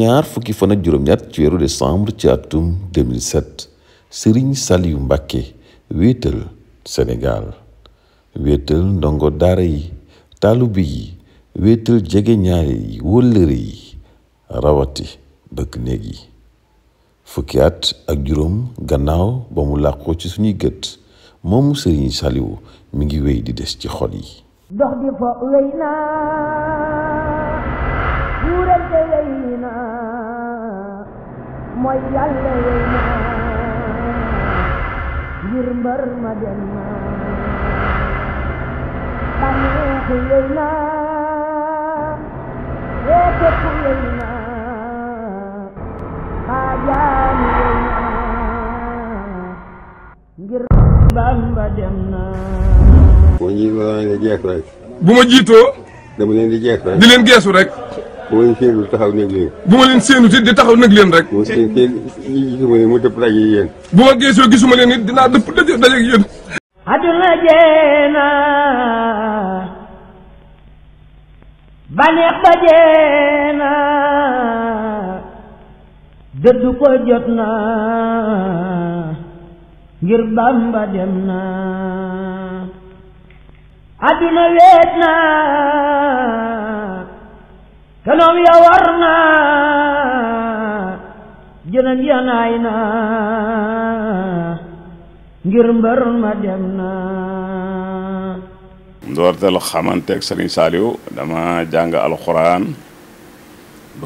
ñaar fukki fan ak juróom-ñett ci weeru décembre ci atum 2007 Serigne Saliou Mbacké wéetal Sénégal wéetal ndongo daara yi taalibe yi wéetal jege ñaare yi wóllëre yi rawati bëgg néeg yi fukki at ak juróom gannaaw ba mu làqoo ci suñuy gët moomu Serigne Saliou mi ngi wéy di des ci xol yi mooy yàlla yey naa ngir mbër ma dem naa bànneex bu ma jiitoo. di jeex rek. dama geesu rek. bu ma leen séenu taxaw nag leen. bu ma leen séenu it di taxaw nag leen rek. mu seen seen gisuma leen mu dëpp daje yéen. bu ma geesoo gisuma leen it dinaa dëpp daje daje ak yéen. àdduna jeena baneex ba jeena dëdd ko jot na ngir Bàmba dem na àdduna weet na Kana ya warna jënan yanaay na Ngirmbar mbër ma tel na ndortel xamanteeg sëriñ dama jangga al-Quran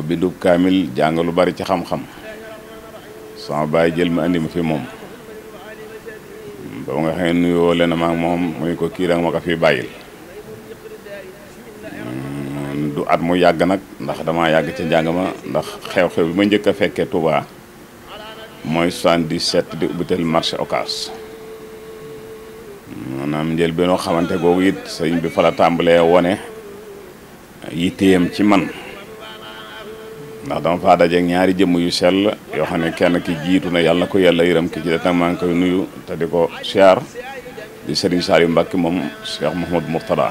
bindub kamil jangga lubari bari kham sama bayi jil ma mufi mom fi moom ba nga xamee nuyoo leen maag moom fi du at mu yàgg nag ndax dama yàgg ci njàng ma ndax xew-xew bi ma njëkk a fekkee Touba mooy 77 di ubbitel marché Ocass maanaam njël benoo xamante googu it sëñ bi fa la tàmbalee wone yitteem ci man ndax dama faa dajeeg ñaari jëmm yu sell yoo xam ne kenn ki jiitu na yàlla ko yàlla yërëm ki ci des nag maa ngi koy nuyu te di ko siyaar di Serigne Saliou Mbacke moom Cheikh Mouhamadou Mourtada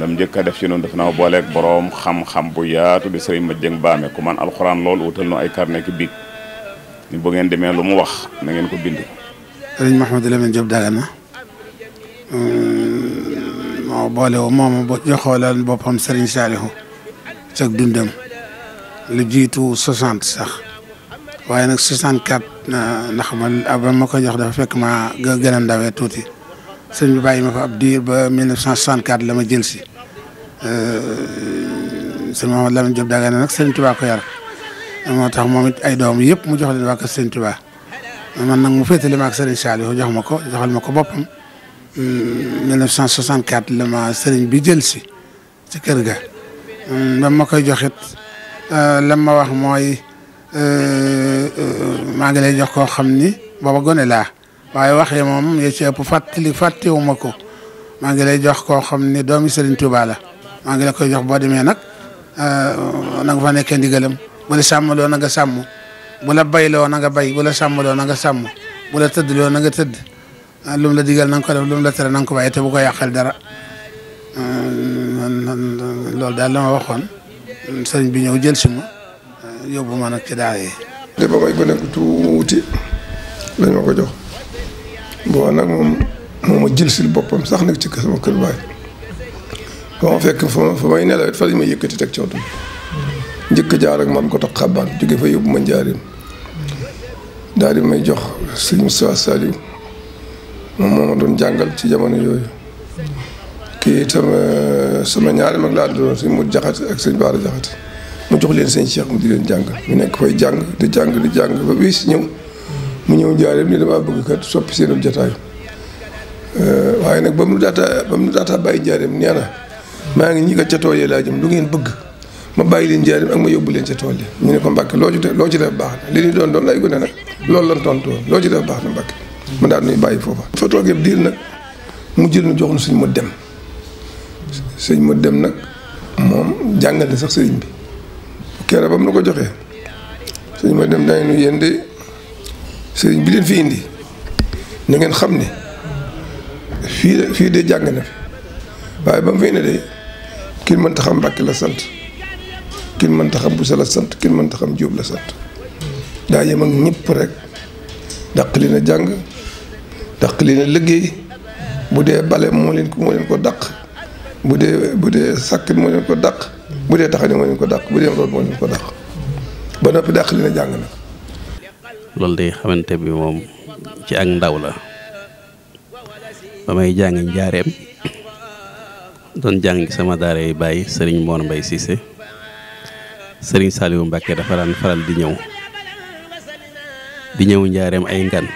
لم جيكا داف سي نون دافنا بوليك بروم خام خام بو ياتو دي سيري مديغ بامي كو مان القران لول اوتال نو اي كارنيك بيك ني بو نين ديمي لومو واخ نا نين كو بيند سيري محمد لامن جوب دالنا ما بوليو ماما بو جي خولال بوبام سيري صالحو تاك دوندم لي جيتو 60 صح واي نك 64 نخمال ابا ماكو جخ دا فك ما غنن داوي توتي سيرن باي ما فاب دير ب 1964 لما جيل سي ا سيرن محمد لامن جوب داغانا نك سيرن توبا كو يار ما تخ موميت اي دوم ييب مو جوخ لين واك سيرن توبا من نك مو فيتلي ماك سيرن شالي هو جوخ مكو جوخال مكو بوب 1964 لما سيرن بي جيل سي سي كيرغا مام مكو جوخيت لما واخ موي ا ماغي لا جوخ كو خامني بابا غوني لا waaye wax yi moom ya ci ëpp fàttali fàttewuma ko maa ngi lay jox koo xam ne doomi Serigne Touba la maa ngi la koy jox boo demee nag euh, na nga fa nekkee ndigalam bu la sàmmaloo na nga sàmm bu la bayloo na nga bay bu la sàmmaloo na nga sàmm bu la tëddloo na nga tëdd euh, lu la digal nang ko def lu la tere na nga ko bàyyi te bu ko dara euh, loolu daal la ma waxoon sëriñ bi ñëw jël si ma yóbbu ma nag ci daara yi. li ba may tuuti lañ ko jox. boo nag moom moom ma jël si boppam sax nag ci kër sama kër baay ba ma fekk fa ma fa may nelaw fa lañ ma yëkkati teg cootu njëkk jaar ak man ko tax xabaan jóge fa yóbbu ma njaarim daal di may jox sëñ Moussa Saliou moom moo ma doon jàngal ci jamono yooyu kii itam euh, sama ñaari mag laa doon sëñ mu jaxate ak sëñ Baara jaxate mu jox leen sëñ Cheikh mu di leen jàng ñu nekk fay jàng di jàng di jàng ba bis ñëw mu ñëw njaareem ni damaa bëgg kat soppi seenum jataay euh, waaye nag ba mu daataa ba mu daataa bàyyi njaareem nee na maa ngi ñi kat ca tool yi laa jëm lu ngeen bëgg ma bàyyi leen njaareem ak ma yóbbu leen ca tool yi ñu ne ko Mbàkke loo ci def loo ci def baax na li ñu doon doon lay gone nag loolu lan tontu loo ci def baax na Mbàkke mu daal nuy bàyyi foofa foo toogee diir nag mu jël nu jox nu suñ ma dem sëñ ma dem nag moom jàngale sax sëriñ bi keroog ba mu na ko joxee sëñ ma dem dañu nu sëriñ bi leen fi indi na ngeen xam ne fii fii de jàng na fi waaye ba mu fay ne de kin mënta xam Mbàkke la sant kin mënta xam Buso la sant kin mënta xam Jóob la sant daa yem ak ñëpp rek dàq li na jàng daq li na liggéey bu dee bale moo leen ko moo leen ko dàq bu dee bu dee sàkkit moo leen ko dàq bu dee taxani moo leen ko dàq bu dee root moo leen ko dàq ba noppi dàq li na jàng na loolu day xamante bi moom ci ak ndaw la ba may jàngi njaareem doon jàng sama daara yi bàyyi sëriñ Mor Mbay Cissé sëriñ Saliou Mbàkke dafa daan faral di ñëw di ñëw njaareem ay ngan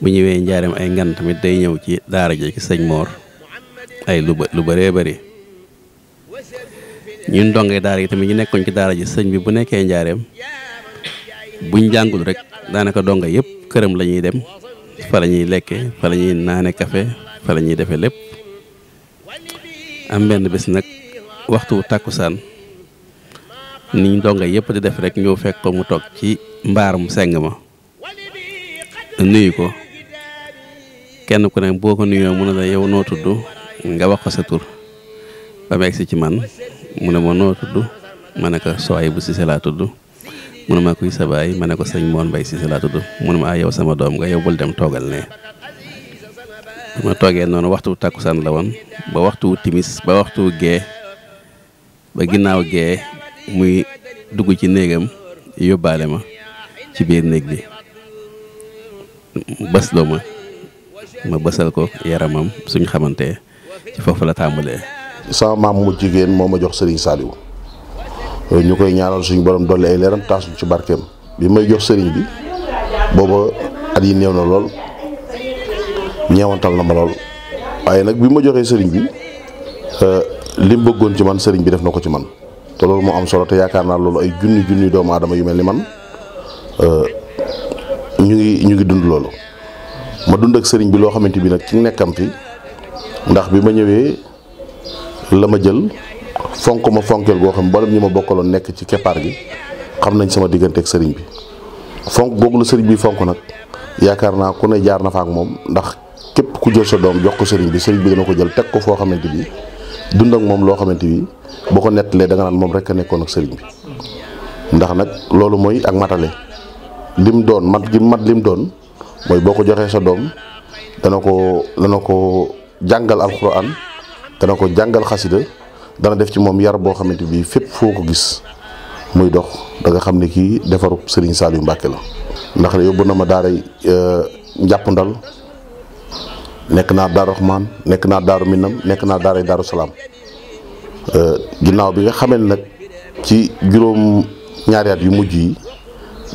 bu ñëwee njaareem ay ngan tamit day ñëw ci daara ji ci sëñ Mor ay lu lu bëree bëri ñun dongee daara yi tamit ñu nekkoon ci daara ji sëñ bi bu nekkee njaareem buñ jangul rek daanaka donga yëpp këram la dem fa lañuy ñuy lekke fa lañuy nané naane café fa lañuy défé lépp am benn bis nak waxtu tàkkusaan niñ donga yëpp di def rek ñu fekk ko mu tok ci mbaarum seng ma nuyu ko kenn ku ne boo ko nuyoo mu ne la yow noo tudd nga wax ko sa tur ba si ci man mu ne ma noo tudd ma ne bu si laa mu ne ma kuy sa baay ma ne ko sëñ Moon Mbay Siise laa tudd mu ne ah, yow sama doom nga yow bul dem toogal ne ma toogee noonu waxtu tàkkusaan la woon ba waxtu timis ba waxtu gee ba ginnaaw gee muy dugg ci néegam yóbbaale ma ci biir néeg bi bës loo ma ma bësal ko yaramam suñ xamante ci foofu la tàmbalee. sama maam mu jigéen moo ma jox Serigne Saliou. ñu koy ñaanal suñu borom dolli ay leeram taas ci barkeem bi may jox sëriñ bi booba at yi néew na lool ñeewantal na ma lool waaye nag bi ma joxee sëriñ bi euh, lim bëggoon ci man sëriñ bi def na ko ci man te loolu moo am solo te yaakaar naa loolu ay junni junni doomu adama yu mel ni man euh, ñu ngi ñu ngi dund loolu ma dund ak sëriñ bi loo xamante bi nag ci nekkam fi ndax bi ma ñëwee la ma jël fonko ma fonkel go xam mboolem ñi bokkalo nek ci képar gi xam nañ sama digënté ak sëriñ bi fonk googu la sëriñ bi fonk nak yaakarna ku ne jaar na fa ak mom, ndax képp ku jël sa doom jox ko sëriñ bi sëriñ bi dina ko jël tek ko fo xamanteni bi dund ak mom lo xamanteni bi ko netlé da nga nan mom rek nekkon ak sëriñ bi ndax nak lolu moy ak matalé lim doon mat gi mat lim doon moy boko joxé sa doom dana ko dana ko jàngal alxuraan dana ko dana def ci moom yar boo xamante bi fépp foo ko gis muy dox da nga xam ni kii defarub Serigne Saliou Mbacke la ndax yóbbu na ma daara euh, njàpp ndal nekk naa daaru Rahman nekk naa daaru Minam nekk naa daaray daaru Salaam euh, ginnaaw bi nga xamee nag ci juróom ñaari at yu mujj yi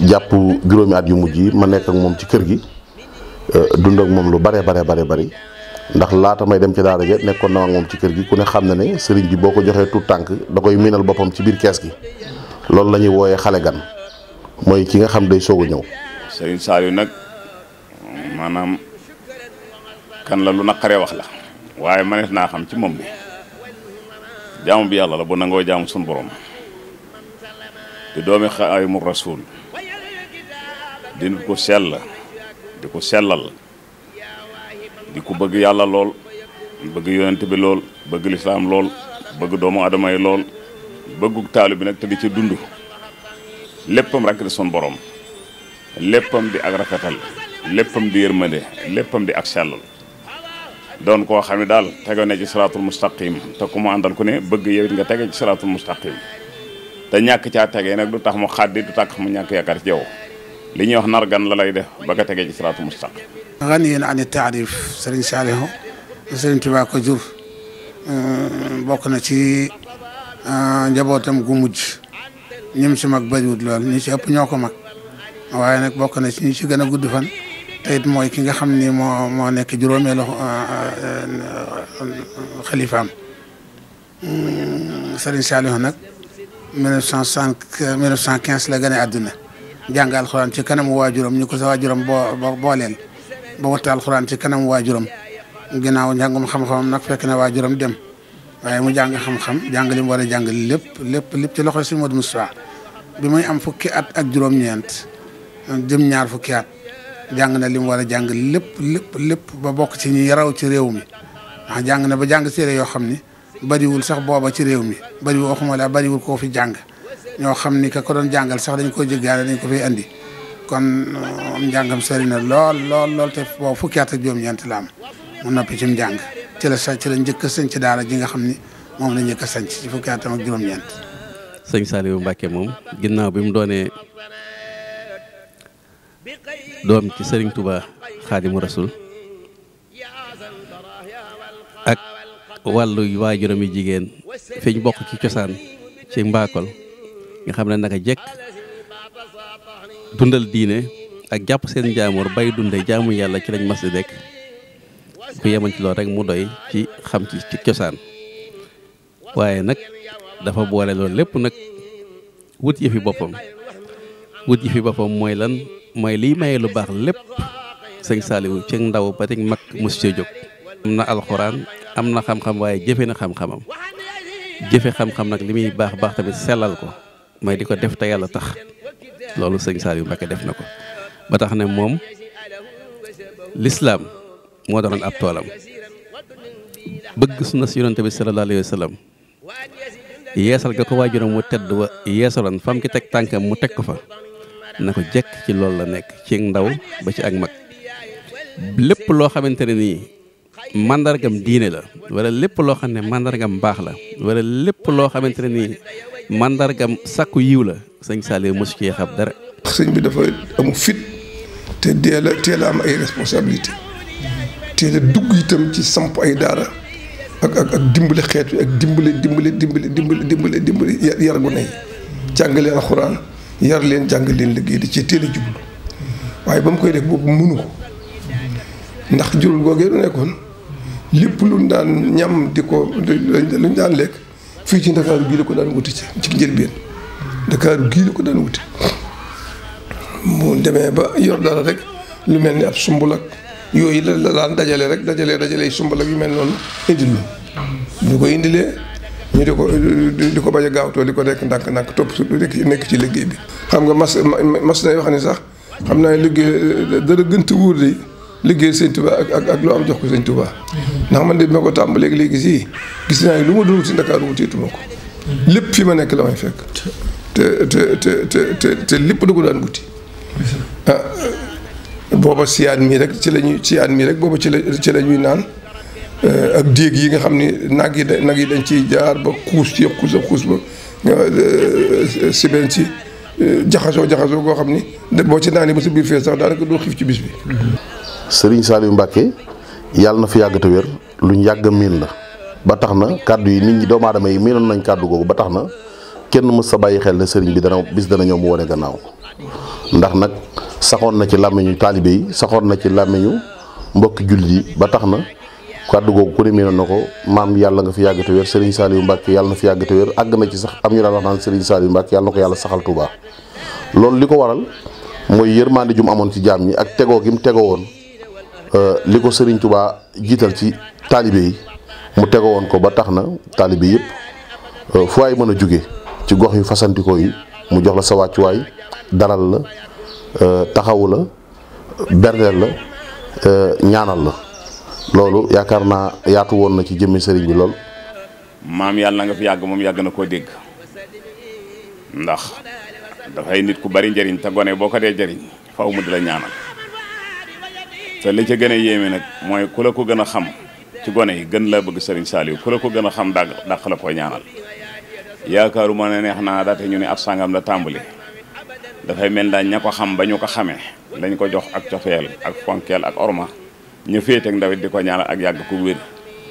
jàpp juróomi at yu mujj yi ma nekk ak moom ci kër gi euh, dund ak moom lu bare bare bare bari ndax laata may dem ci daara ja nekkoon na ak moom ci kër gi ku ne xam na ne sëriñ bi boo ko joxee tout tànk da koy miinal boppam ci biir kees gi loolu la ñuy wooyee xale gan mooy ki nga xam day soog a ñëw. sëriñ Saliou nag maanaam kan la lu naqaree wax la waaye manees naa xam ci moom bi jaamu bi yàlla la bu nangoo jaamu suñu borom di doomi xaay mu rasul di ko sell di ko sellal. di ku bëgg yàlla lool bëgg yonent bi lool bëgg lislaam lool bëgg doomu adama yi lool bëggu taalu bi nag te di ci dund léppam rek di son borom léppam di ak rafetal léppam di yërmande léppam di ak sellal doon koo xam ne daal tege ne ci siraatul mustaqim te ku mu àndal ku ne bëgg yow it nga tege ci siraatul mustaqim te ñàkk caa tege nag du tax mu xàddi du tax mu ñàkk yaakaar ci yow ليني وخ نار غان لا لاي ديف باغا تيغي سي يكون هناك غني عن التعريف سيرن صالحو سيرن تبا كو جوف بوكنا يكون هناك كو موج نيم سي ماك بادوت لول ني سي اوب يكون هناك واي نك بوكنا سي ني سي غنا غود فان تيت يكون هناك خامني مو مو نيك جورومي لو خليفام سيرن صالحو نك يكون هناك لا غني ادنا jàng alxuraan ci kanam waajuram ñu ko sa waajuram boo booleel ba watta alxuraan ci kanamu waajuram ginnaaw njàngum xam-xamam nag fekk na waajuram dem waaye mu jàng xam-xam jàng li mu a jàng lépp lépp lépp ci loxo si Modou Moussa bi muy am fukki at ak juróom jëm ñaar fukki at jàng na li mu war a jàng lépp lépp lépp ba bokk ci ñi yaraw ci réew mi jàng na ba jàng séeré yoo xam ni bariwul sax booba ci réew mi bariwul waxuma la bariwul koo fi jàng ñoo xam ni ka ko doon jàngal sax dañ ko jéggaane dañ ko fay andi kon uh, njàngam sori na lool lool lool te boo fukki at ak juróom-ñeent la mu noppi ci njàng ci la sa ci la njëkk a sanc daara nga xam ni moom la njëkk a sanc ci fukki atam ak juróom-ñeent. sëñ Saliou Mbacke moom ginnaaw bi mu doonee doom ci Serigne Touba Xaadimu Rasul ak wàllu waajuram yi jigéen fi ñu bokk ci cosaan ci mbaakol ñu xam ne naka jekk dundal diine ak jàpp seen jaamoor bay dunde jaamu yàlla ci lañ mas dekk ku yeman ci loolu rek mu doy ci xam ci cosaan waaye nag dafa boole loolu lépp nag wut fi boppam wut yi fi boppam mooy lan mooy liy maye lu baax lépp sëñ Saliou ci ndaw ba teg mag mos cee jóg. am na alxuraan am na xam-xam waaye jëfe na xam-xamam jëfe xam-xam nag li muy baax baax tamit sellal ko. mooy di ko def te yàlla tax loolu sëñ Saliou Mbacké def na ko ba tax ne moom lislaam moo doon ab toolam bëgg sunna si yonante bi sallallahu alayhi wa sallam yeesal ga ko waajuram mu tedd wa yeesaloon fam ki teg tànkam mu teg ko fa na ko jekk ci loolu la nekk ci ndaw ba ci ak mag lépp loo xamante ne nii màndargam diine la wala lépp loo xam ne baax la lépp loo xamante nii mandargam sakku yiw la sëñ Saliou mosu cee xam dara. sëñ bi dafa amu fit te dee la teel a am ay responsabilité teel a dugg itam ci samp ay daara ak ak ak dimbali xeet wi ak dimbali dimbali dimbali dimbali dimbali dimbali yar gu ne jàng leen alxuraan yar leen jàng leen liggéey di ci teel a jublu waaye ba mu koy def boobu mënu ko ndax jurul googee du nekkoon lépp luñ daan ñam di ko luñ daan lekk. fii ci ndakaaru gii la ko daan wuti si ci ci njëlbeen ndakaaru gii la ko daan wuti mu demee ba yor dara rek lu mel ni ab sumbul ak yooyu la la daan dajale rek dajale dajale sumbul ak yu mel noonu indil ñu ñu ko indilee ñu di ko di ko bañ a gaawtoo di ko nekk ndànk-ndànk topp su nekk ci liggéey bi xam nga mas mas nay wax ni sax xam naa liggéey dara gënt wóor de liggéey sëñ Touba ak ak ak am jox ko sëñ Touba. ndax man de moo ma ko tàmbalee léegi si gis naa ne lu ma doon wuti Ndakaaru wutiituma ko. lépp fi ma nekk la may fekk. te te te te te lépp du ko daan wuti. Ah, booba siyaan mii rek ci la ñuy siyaan mii rek booba ci la ci la naan. Eh, ak déeg yi nga xam ni nag yi nag yi dañ ciy jaar ba xuus ci xuus ak xuus ba nga eh, eh, siben si jaxasoo jaxasoo goo xam ni boo ci naanee ba sa biir fee sax daanaka doo xiif ci bis bi Serigne Saliou Mbacke yàlla na fi yàgg te wér luñ yàgg a miin la ba tax na kàddu yi nit ñi doomu aadama yi miinoon nañ kàddu googu ba tax na kenn mës sa bàyyi xel ne Serigne bi dana bis dana ñëw mu wane gannaaw ndax nag saxoon na ci làmmiñu taalibe yi saxoon na ci làmmiñu mbokki jullit yi ba tax na kàddu googu ku ne miinoon na ko maam yàlla nga fi yàgg te wér Serigne Saliou Mbacke yàlla na fi yàgg àgg na ci sax am ñu daan wax naan Serigne Saliou Mbacke yàlla na ko yàlla saxal Touba loolu li ko waral mooy yërmande ju mu amoon ci jaam ñi ak tegoo ki mu tegoo woon li ko sëriñ Touba jiital ci taalibe yi mu tego woon ko ba tax na taalibe yëpp euh, fu waay mën a jóge ci gox yu fasantikoo yi mu jox la sa wàccuwaay daral la euh, taxawu la berndeel la euh, ñaanal la loolu yaakaar naa yaatu woon na ci jëmmi sëriñ bi lool. maam yàlla na nga fi yàgg moom yàgg na koo dégg ndax dafay nit ku bari njariñ te gone boo ko dee jariñ faaw mu di la ñaanal. te li ca gën a yéeme nag mooy ku la ko gën a xam ci gone yi gën la bëgg sëriñ Saliou ku la ko gën a xam dàq dàq la koy ñaanal yaakaaruma ne neex naa daate ñu ne ab sàngam la tàmbali dafay mel daañ ña ko xam ba ñu ko xamee lañ ko jox ak cofeel ak fonkeel ak orma ñu féete ak ndawit di ko ñaanal ak yàgg ko wér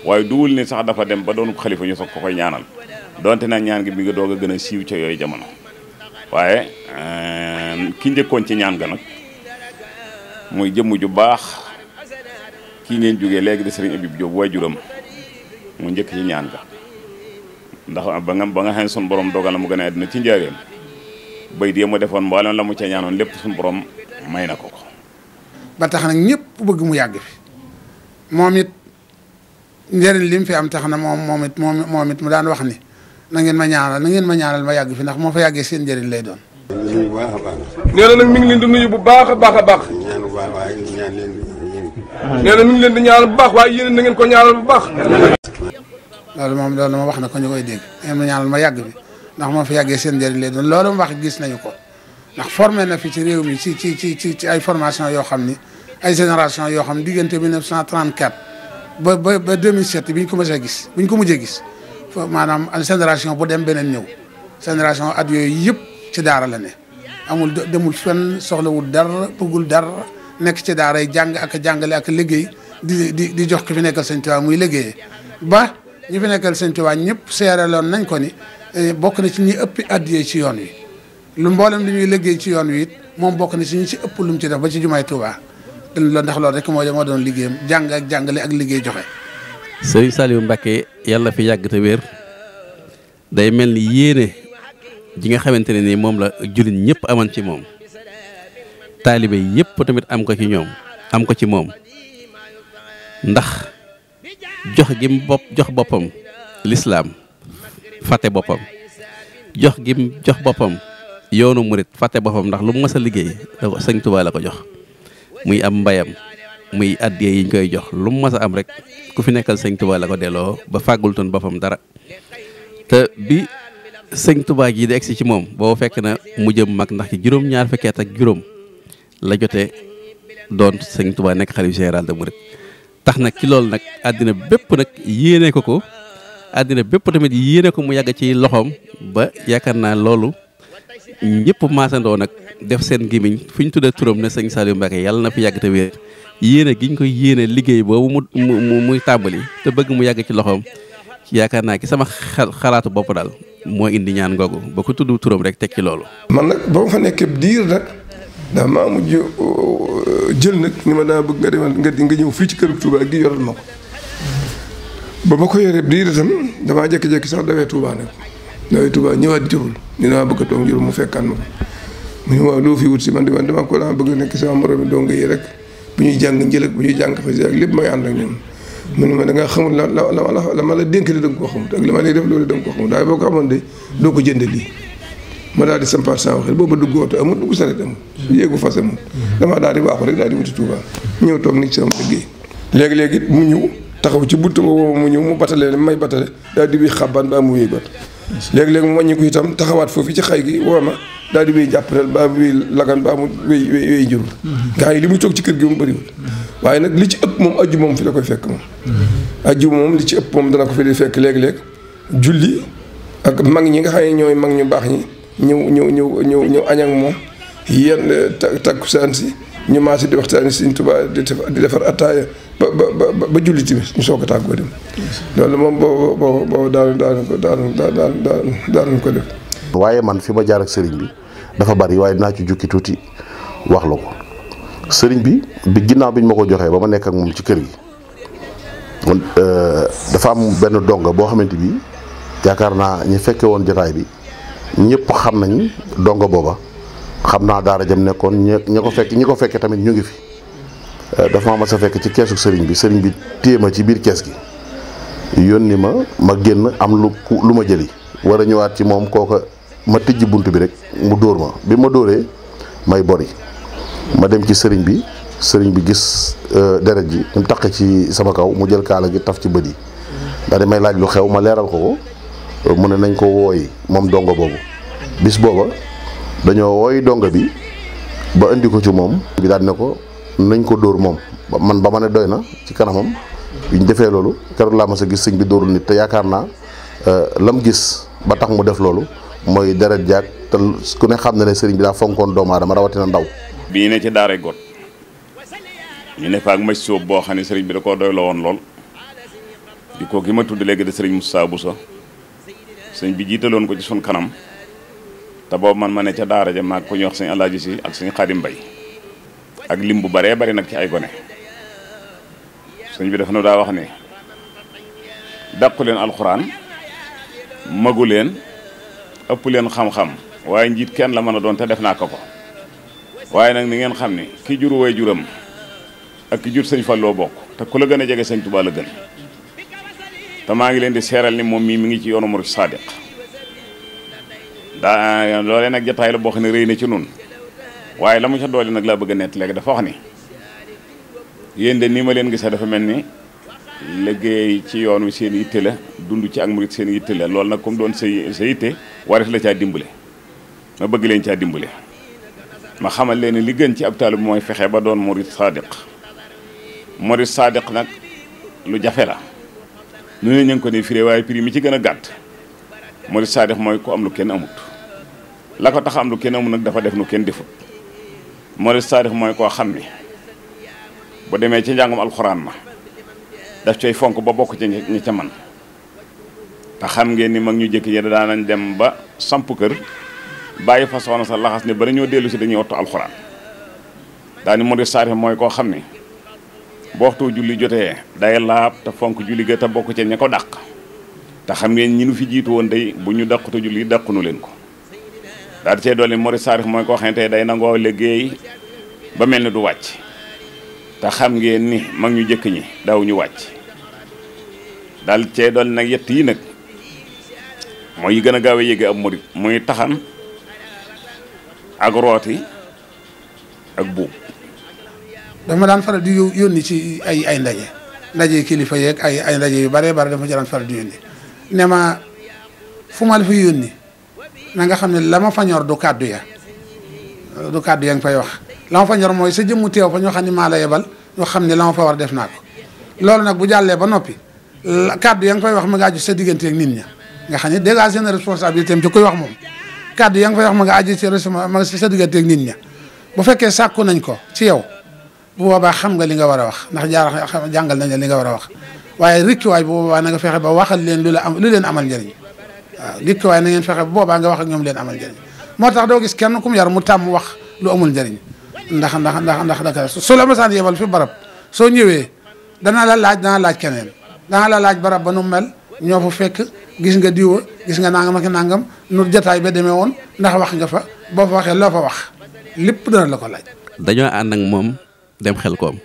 waaye duwul ni sax dafa dem ba doon xalifa ñu soog ko koy ñaanal donte na ñaan bi nga doog a gën a siiw ca yooyu jamono waaye ehm, ki njëkkoon ci ñaan ga nag moy jëm ju bax ki ngeen jógee léegi di serigne Abib job wajuram mu ñëk ci ñaan ga ndax ba nga ba nga xam sun borom dogal mu gëna a ci njaareem bay di ya mu defoon mboolem la mu ci ñaanon lepp sun borom may na ko ko. ba tax nak ñepp bëgg mu yagg fi momit it lim fi am tax na mom momit momit mu daan wax ni na ngeen ma ñaanal na ngeen ma ñaanal ma yagg fi ndax mo fa yagge seen njëriñ lay doon. nee na nak mi ngi leen di nuyu bu baax a baax a baax. baax waaye ñu ñaan leen yéen. nee bu baax waaye yéen na ko ñaanal bu baax. loolu moom loolu ma wax na ko ñu koy dégg ngeen ma ñaanal ma yàgg mi ndax ma fi yàggee seen njëriñ leen doon loolu mu wax gis nañu ko ndax formé na fi ci réew mi ci ci ci ci ay formation yoo xam ni ay génération yoo xam diggante 1934 ba ba ba 2007 bi ñu ko mës a gis bi ñu ko mujjee gis maanaam génération bu dem beneen ñëw génération at yooyu yëpp ci daara la ne amul demul fenn soxlawul dara bëggul dara nekk ci daaray jàng ak jàngale ak liggéey di di di jox ki fi nekkal sëñ Tuubaa muy liggéeyee ba ñi fi nekkal sëñ Tuubaa ñëpp seeraloon nañ ko ni eh, bokk na ci ñi ëpp addiyee ci yoon wi lu mboolem li ñuy liggéey ci yoon wi it moom bokk na ci ñi ci ëpp lu mu ci def ba ci jumaay Tuubaa dañ loolu ndax loolu rek moo moo doon liggéeyam jàng ak jàngale ak liggéey joxe sëriñ Saliou Mbacke yàlla fi yàgg te wér day mel ni yéene ji nga xamante ne ni moom la jullit ñëpp amoon ci moom taalibe yépp tamit am ko ci ñoom am ko ci moom ndax jox gim bopp jox boppam lislaam fàtte boppam jox gim jox boppam yoonu murit fàtte boppam ndax lu mu mës a liggéey sëñ Tuubaa la ko jox muy am mbayam muy àddiyee yiñ koy jox lu mu mës a am rek ku fi nekkal sëñ Tuubaa la ko delloo ba fàggul toon boppam dara te bi sëñ Tuubaa ji di egsi ci moom boo fekk na mu jëm mag ndax ci juróom ñaar fukki ak juróom la jotee doon sëñ Touba nekk xalif général de Mouride tax nag ci loolu nag àddina bépp nag yéene ko ko àddina bépp tamit yéene ko mu yàgg ci loxoom ba yaakaar naa loolu ñëpp maasandoo nag def seen gémmiñ fu ñu tuddee turam ne sëñ Saliou Mbacké yàlla na fi yàgg te wér yéene gi ñu koy yéene liggéey boobu mu mu muy tàmbali te bëgg mu yàgg ci loxoom yaakaar naa ki sama xalaatu bopp daal moo indi ñaan googu ba ko tudd turam rek teg ci loolu. man nag ba ma ndax mu mujj euh, jël nag ni ma daa bëgg nga demal nga di nga ñëw fii ci kër Touba gi yoral ma ko ba ma ko yoree diir itam damaa jékki-jékki sax dawee Touba nag dawee Touba ñëwaat jëful ni damaa bëgg a toog njur mu fekkaan ma mu ñu waaw loo fi wut si man dama dama ko dama bëgg nekk sama moromi dong yi rek bu ñuy jàng njëlëg bu ñuy jàng xasi ak lépp may ànd ak ñoom mu ne ma da ngaa xamul la la la ma la dénkale da nga koo xamut ak li ma lay def loolu da nga koo xamut boo ko amoon de doo ko jënd lii ma daal di sampaat sama xel booba dugg oto amul dugg saret amul yéegu fas amul damaa daal di waaxu rek daal di wuti Touba ñëw toog nit sama liggéey léegi-léegi mu ñëw taxaw ci bunt ba woo mu ñëw mu batale may batale daal di bi xabbaan ba mu wéy bat léegi-léegi mu wàññi ko itam taxawaat foofu ci xay gi woo ma daal di wéy jàppaleel ba mu wéy lagan ba mu wéy wéy jur gaa yi li mu toog ci kër gi mu bëriwul waaye nag li ci ëpp moom aju moom fi la koy fekk moom aju moom li ci ëpp moom dana ko fi di fekk léegi-léeg julli ak mag ñi nga xam ne ñooy mag ñu baax ñi ñu ñu ñu ñu ñu añ ak moom yenn takkusaan si ñu ci di waxtaani seigne touba di defar ataya ba ba ba ba julli ci ñu soko a tàggoo dem lolou mom bo bo bo dal dal ko dal dal daanu daanu ko def waye man fi ba jaar ak sëriñ bi dafa bari waye na ci jukki tuti wax la ko bi bi ginnaaw biñ mako joxe bama nek ak mom ci kër gi euh, dafa am ben donga bo xamanteni bi yakarna ñi fekke won jotaay bi ñepp xam nañ dongo boba xamna dara jëm nekkon ñako fekk ñiko fekk tamit ñu ngi fi euh, dafa ma ma sa fekk ci kessu serigne bi serigne bi téye ma ci biir kess gi yónni ma ma genn am lu lu ma jëli wara ñëwaat ci mom kooka ma tijji buntu bi rek mu door ma bi ma dóoree may bori ma dem ci serigne bi serigne bi gis euh, deret ji ñu taq ci sama kaw mu jël kala gi taf ci bët yi daal may laaj lu xew ma leeral ko ko Euh, mu nañ ko woy mom dongo bobu bis bobu daño woy dongo bi ba andi ko ci mom bi dal nako nañ ko dor mom man ba mané doyna doy na ci kanamam biñ défé lolu keroog la ma sa gis señ bi dorul nit te yakarna euh lam gis ba tax mu def lolu moy deret jaag te ku ne xam né señ bi da fonkon fonkoon doomu rawati na ndaw bi né ci daare got ñu né fa ak ma sóob bo xani señ bi da ko doylo won lol di ko gi ma tudd légui de señ Moussa bousso sëñ bi jiitaloon ko ci suñ kanam te boobu man ma ne ca daara ja maag ko ñuy wax sëñ Alaaji Si ak sëñ Xaadim Bay ak lim bu baree bari nag ci ay gone sëñ bi dafa nu daa wax ne dàqu alxuraan magu leen ëpp leen xam-xam waaye njiit kenn la mën a doon te def naa ko ko waaye nag ni ngeen xam ne ki jur way juram ak ki jur fa loo bokk te ku la gën a jege sëñ Tuubaa la gën te maa ngi leen di seeral ni moom mii mi ngi ci yoonu murid sadiq daa loolee nag jotaay la boo xam ne rëy na ci nun waaye la mu ca doole nag laa bëgg a nett léegi dafa wax ni yéen de nii ma leen gisee dafa mel liggéey ci yoon seen yitte la dund ci ak murid seen yitte la loolu nag comme doon sa sa yitte waris la caa dimbale ma bëgg leen caa dimbale ma xamal leen li gën ci ab taalib fexe ba doon murid sadiq murid sadiq nag lu jafe la nu ne ñu ko ne firé waaye prix mi ci gën a gàtt murid saadix mooy ko am lu kenn amut la ko tax am lu kenn amut nag dafa def nu kenn defut murid saadix mooy koo xam ni bu demee ci njàngum alxuraan ma daf cay fonk ba bokk ci ñi ca man te xam ngeen ni mag ñu jëkk ñi daan nañ dem ba samp kër bàyyi fa soxna sa laxas ne ba dañoo dellu si dañuy wattu alxuraan daani murid saadix mooy koo xam ni bu waxtu julli jotee day laab te fonk julli ga te bokk ca ña ko dàq te xam ngeen ñi nu fi jiitu woon day bu ñu dàqute julli dàqunu leen ko daal di cee dolli mori saarix mooy koo xam ne day nangoo liggéey ba mel ni du wàcc te xam ngeen ni mag ñu jëkk ñi daaw wàcc daal cee dolli nag yett yi nag mooy yi gën a gaaw a yéege ab murit muy taxan ak rooti ak buub dafa ma daan faral di yónni ci ay ay ndaje ndaje kilifa yeeg ay ay ndaje yu bare bare dafa ma daan faral di yónni ne ma fu ma la fa yónni na nga xam ne la ma fa ñor du kaddu ya du kàddu ya nga fay wax la ma fa ñor mooy sa jëm mu teew fa ñoo xam ne maa la yebal ñoo xam ne la ma fa war def naa ko loolu nag bu jàllee ba noppi kàddu ya nga fay wax ma nga aju sa diggante ak nit ña nga xam ne dégagé na responsabilité am ci koy moom kàddu ya nga fay wax ma nga aju ci sa diggante ak nit ña bu fekkee sàkku nañ ko si yow bu boobaa xam nga li nga war a wax ndax jaar jàngal nañ la li nga war a wax waaye rikkiwaay bu boobaa na nga fexe ba waxal leen lu la am lu leen amal njëriñ waaw rikkiwaay na ngeen fexe ba boobaa nga wax ak ñoom leen amal njëriñ moo tax doo gis kenn ku mu yar mu tàmm wax lu amul njëriñ ndax ndax ndax ndax su la masaan yemal fi barab soo ñëwee danaa la laaj danaa laaj keneen danaa la laaj barab ba nu mel ñoo fa fekk gis nga diwa gis nga nangam ak nangam nu jataay ba demee woon ndax wax nga fa boo fa waxee loo fa wax lépp dana la ko laaj. dañoo ànd ak moom dem xel koom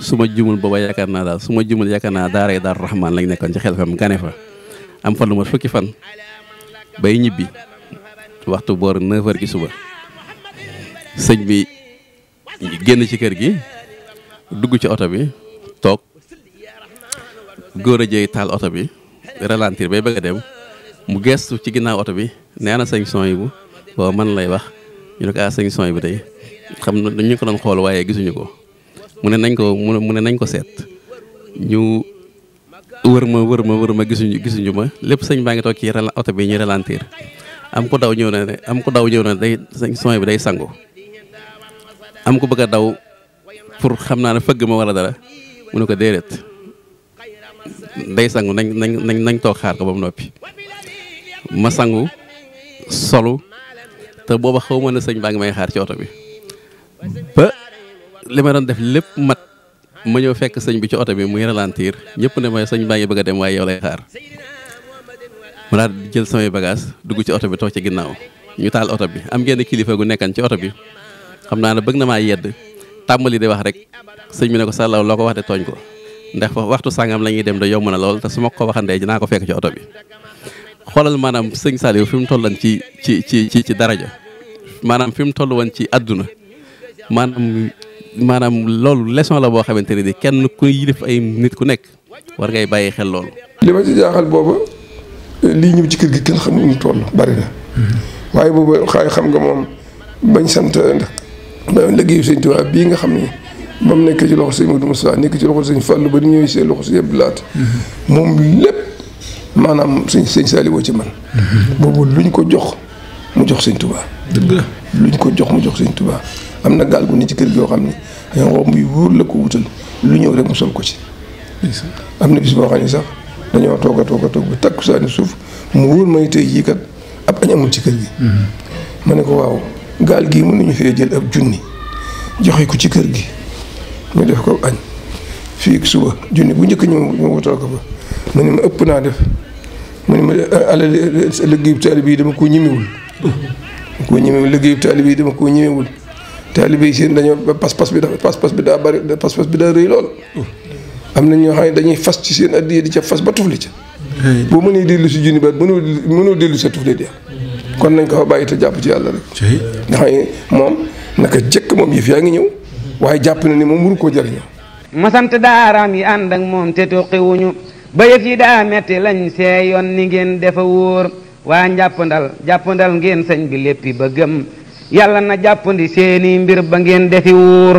su ma jumul booba yaakaar naa daal su ma jumul yaakaar naa daaray daar rahman lañ nekkoon ci xel koom gane fa am fa lu ma fukki fan bay ñibbi waxtu boor 9 heures gi suba sëñ bi génn ci kër gi dugg ci oto bi toog góor a jëy taal oto bi ralentir bay bëgg dem mu geestu ci ginnaaw oto bi nee na sëñ son bu booba man lay wax ñu ne ko ah sëñ son yi bu tey xam na dañu ko doon xool waaye gisuñu ko mu ne nañ ko mu ne nañ ko seet ñu wër ma wër ma wër ma gisuñu gisuñu ma lépp sëñ baa ngi toog ci oto bi ñu ralentir am ko daw ñëw na ne am daw ñëw na day sëñ bi day sangu am ko bëgg a daw pour xam naa ne fëgg ma wala dara mu ne ko déedéet day sangu nañ nañ nañ toog xaar ko ba mu noppi ma sangu solu te booba xaw ma ne sëñ baa ngi may xaar ci oto bi ba li ma doon def lépp mat ma ñëw fekk sëñ bi ci oto bi mu muy ralentir ñëpp ne may sëñ baa ngi bëgg a dem waaye yow lay xaar ma daal jël samay bagage dugg ci oto bi toog ci ginnaaw ñu taal oto bi am ngeen kilifa gu nekkan ci oto bi xam naa ne bëgg na maa yedd tàmbali di wax rek sëñ bi ne ko sàllaw loo ko wax de tooñ ko ndax waxtu sàngam la ñuy dem da yomb na lool te su ma ko waxandee dinaa ko fekk ci oto bi xoolal maanaam sëñ Saliou fi mu tolloon ci ci ci ci daraja maanaam fi mu toll woon ci àdduna maanaam maanaam loolu leçon la boo xamante ne di kenn ku yilif ay nit ku nekk war ngay bàyyi xel loolu. li ma ci jaaxal lii ñëw ci kër gi kenn xam nu mu toll bari waaye boobu xaay xam nga moom bañ sant liggéeyu sëñ Tuubaa bii nga xam ni moom nekk ci loxo sëñ Modou Moussa nekk ci loxo sëñ Fallou ba ñëwee seen loxo sëñ Abdou Lahat moom lépp maanaam sëñ sëñ Saliou ci man mhm. boobu luñ ko jox mu jox sëñ Tuubaa. dëgg la luñ ko jox mu jox sëñ Tuubaa. am na gaal gu ne ci kër gi yoo xam ne dañoo romb yu la ko wutal lu ñëw rek mu sol ko ci. am na bis boo xam ne sax dañoo toog a toog a toog bu takku saa ni suuf mu wóor may tey jii kat ab añ amul ci kër gi. Mhm. ma ne ko waaw gaal gii mën nañu fee jël junni joxe ko ci kër gi ñu def ko añ suba junni bu njëkk ñëw ñu wutal ko fa ma ne ma ëpp naa def ma ne ma ah, alal eh, eh, liggéeyu taalib yi dama koo ñemewul. dama koo ñemewul liggéeyu taalib yi dama koo ñemewul. télévision dañu pass pass bi da pass pas bi da bari pass pass bi da reuy lol am na ñoo xam dañuy fas ci seen addiya di ci fas ba tufli ca boo mënee dellu si junni baat mënoo mënoo dellu ci tufli di kon nañ ko fa bàyyi te jàpp ci yalla rek nga xam ne naka jekk mom yef ya nga ñew waye japp na ni mom mënu ko jarign ma sant daaraam yi and ak mom te toqiwuñu ba yef yi da metti lañ see ni ngeen defa woor wa njàppandal jàppandal ngeen señ bi leppi ba gem yàlla na jàppandi seeni mbir ba ngeen defi wuur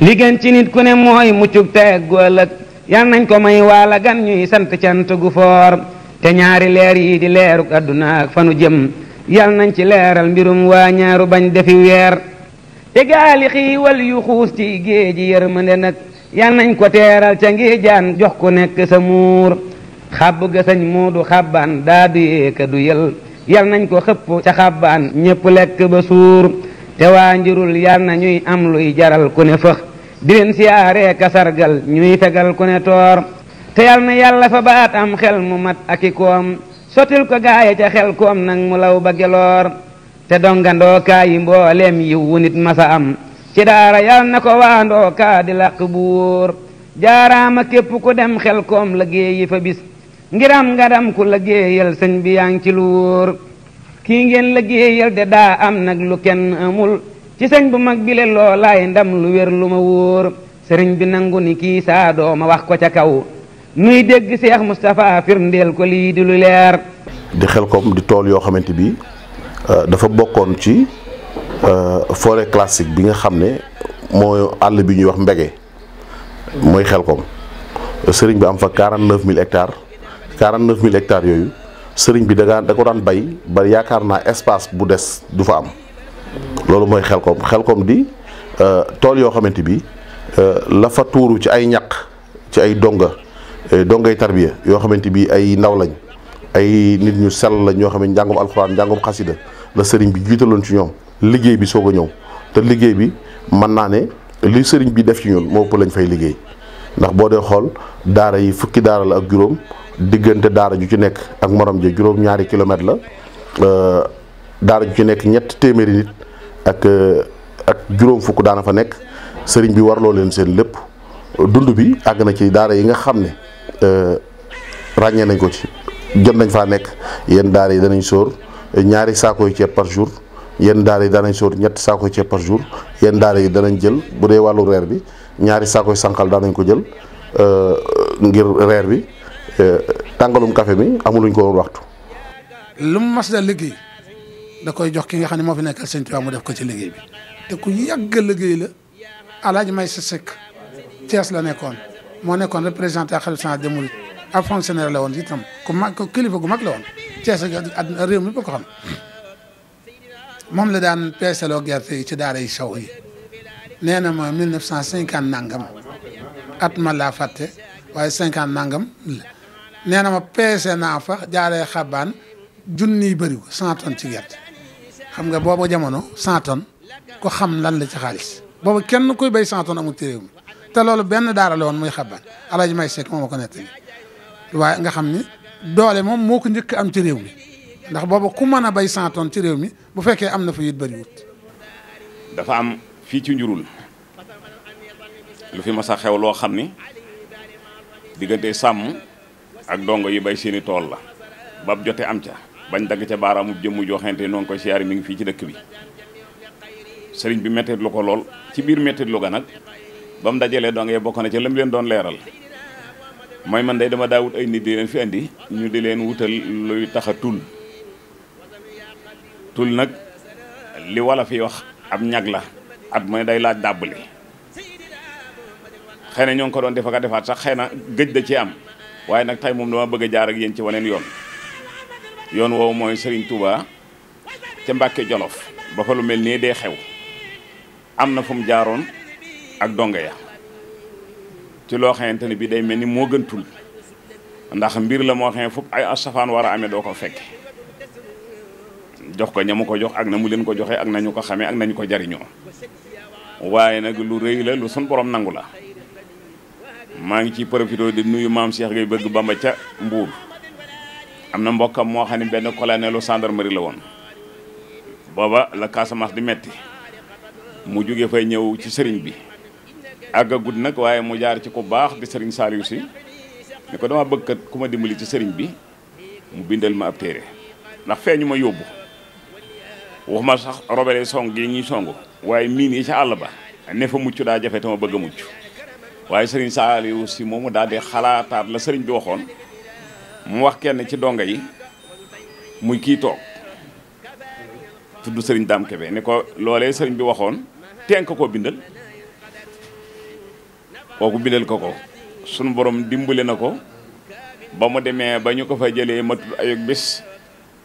li gën ci nit ku ne mooy muccug tey ak yal nañ ko may waala gan ñuy sant cant gu foor te ñaari leer yi di leeru àdduna ak fanu jëm yal nañ ci leeral mbirum waa ñaaru bañ defi weer te gaali wal yu xuus ci géeji yërmande nag yal nañ ko teeral ca ngi jaan jox ku nekk sa muur xàbb ga muudu ka du yal nañ ko xëpp ca xabbaan ñépp lekk ba suur te waa njurul yal na ñuy am luy jaral ku ne fëx di leen siyaaree ka sargal ñuy fegal ku ne toor te yal na yàlla fa baat am xel mu mat ak i koom sotil ko gaaye ca xel koom nag mu law ba geloor te dongandoo kaa yi mboolem yi wu nit masa am ci daara yal na ko waandoo kaa di làq bu wóor jaaraama képp ku dem xel koom liggéey yi fa bis ngiram ngaram ku liggéeyal sëñ bi yaa ngi ci lu wóor kii ngeen liggéeyal de daa am nag lu kenn amul ci sëñ bu mag bi le loolaay ndam lu wér lu ma wóor sëriñ bi nangu ni kii saa ma wax ko ca kaw nuy dégg Cheikh firndeel ko lii di lu leer. di ko di tool yoo xamante bi euh, dafa bokkoon ci euh, forêt classique bi nga xam ne mooy àll bi ñuy wax mbege mooy ko sëriñ bi am fa 49000 hectares. quarante-neuf mille hectares yooyu sëriñ bi da daan da ko daan bay bari yaakaar naa espace bu des du fa am loolu mooy xelkom xelkom di euh, tool yoo xamante bi euh, la fa tuuru ci ay ñaq ci ay donga euh, dongay tarbiya yoo xamante bi ay ndaw lañ ay nit ñu sell lañ ñoo xam ne njàngum alxuraan njàngum xasida la sëriñ bi jiitaloon ci ñoom liggéey bi soog a ñëw te liggéey bi mën naa ne li sëriñ bi def ci ñun moo ëpp lañ fay liggéey ndax boo dee xool daara yi fukki daara la ak juróom diggante daara ju ci nekk ak morom ja juróom-ñaari kilomètre la euh, daara ju ci nekk ñett téeméeri nit ak euh, ak juróom fukk daana fa nekk sëriñ bi warloo leen seen lépp dund bi àgg na ci daara yi nga xam ne euh, ràññee nañ ko ci jot nañ faa nekk yenn daara yi danañ sóor ñaari saako yu ceeb par jour yenn daara yi danañ sóor ñetti saako yu ceeb par jour yenn daara yi danañ jël bu dee wàllu reer bi ñaari saako yu sànqal daanañ ko jël ngir reer bi tàngalum café bi amuluñ ko koo waxtu. lu mu mas da liggéey da koy jox ki nga xam ne moo fi nekk Sëñ Tuubaa mu def ko ci liggéey bi te ku yàgg la Alaaji Maysa Sekk Thiès la nekkoon moo nekkoon représenté ak xalifa de Mouride la woon itam ku mag ku kilifa gu mag la woon Thiès ak réew mi ko xam moom la daan peeseloo gerte yi ci daara yi saw yi nee na ma 1950 nangam at ma laa fàtte waaye 50 nangam. نانا ما بيسي نافا جالي خبان جوني بريو سانتون تي جات خمغا بابا جامونو سانتون كو خم لان لتي خالص بابا كن كوي باي سانتون امو تيريو تلولو بيان دارا لون موي خبان على جمعي سيك مو مكو نتن لواي نغا خمني دولي مو موك نجك ام تيريو ndax booba ku mën a bay 100 tonnes ci réew mi bu fekkee am na fa it bëri wut dafa am fii ci njurul lu fi mas a xew loo xam ni diggante sàmm ak dongo yi bay seeni tol la bab jote am ca bañ dag ca baaraamu jëmm joo xente noonu koy siyaari mi ngi fi ci dëkk bi sëriñ bi mettit lu ko lol ci bir mettit lu ga nak bam mu dongé dongo ci lam leen doon leeral moy man day dama daa ay nit di leen fi andi ñu di leen wutal luy tul tul nag li wala fi wax ab ñag la at moy day laaj dabbali xëy ñong ko doon defaka sax gejj da ci am waaye nag tey moom dama bëgg a jaar ak yéen ci waneen yoon yoon woowu mooy sëriñ Touba ca Mbàkke Jolof ba fa lu mel nii dee xew am na fu mu jaaroon ak donge ya ci loo xamante ne bii day mel ni moo gëntul ndax mbir la moo xam foofu ay asafaan war a amee doo ko fekke jox ko ña mu ko jox ak na mu leen ko joxe ak nañu ko xame ak nañu ko jariñoo waaye nag lu rëy la lu sun boroom nangu la maa ngi ci profité di nuyu maam Cheikh ngay bëgg Bamba ca Mbuur am na mbokkam moo xam ne benn colonelu gendarmerie la woon booba la Casamance di metti mu jóge fay ñëw ci sëriñ bi àggagut nag waaye mu jaar ci ku baax di sëriñ Saliou si ni ko dama bëgg kat ku ma dimbali ci sëriñ bi mu bindal ma ab téere ndax feeñu ma yóbbu waxuma sax robele song yi ñuy song waaye miin yi ca àll ba ne fa mucc daa jafe te ma bëgg a mucc waaye sëriñ Saaliw si moomu daal di xalaataat la sëriñ bi waxoon mu wax kenn ci donga yi muy kii toog tudd sëriñ Dame Kébé ni ko loolee sëriñ bi waxoon tenk ko bindal kooku bindal ko ko sunu boroom dimbale na ko ba mu demee ba ñu ko fa jëlee matul ayug bis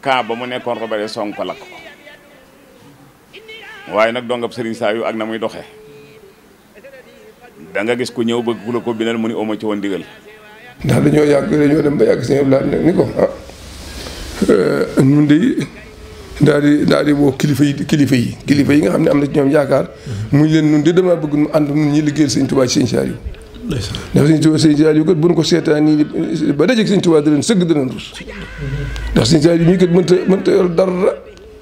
kaa ba mu nekkoon robare song ko lakk ko waaye nag dongab sëriñ saa yu ak na muy doxee da nga gis ko ñëw bëgg ku la ko bindal mu ni oma ci woon ndigal. ndax dañoo yàgg dañoo dem ba yàgg sëñ Abdou ko ah eh, ñun de di daal di woo kilifa yi kilifa yi kilifa yi nga xam ne am na ci ñoom yaakaar. mu leen ñun de damaa bëgg ànd ñun ñi liggéeyal sëñ Tuubaa ci sëñ bu ko seetaan nii ba dajeeg sëñ Tuubaa sëgg danañ rus. ndax sëñ Saaliw ñii kat dara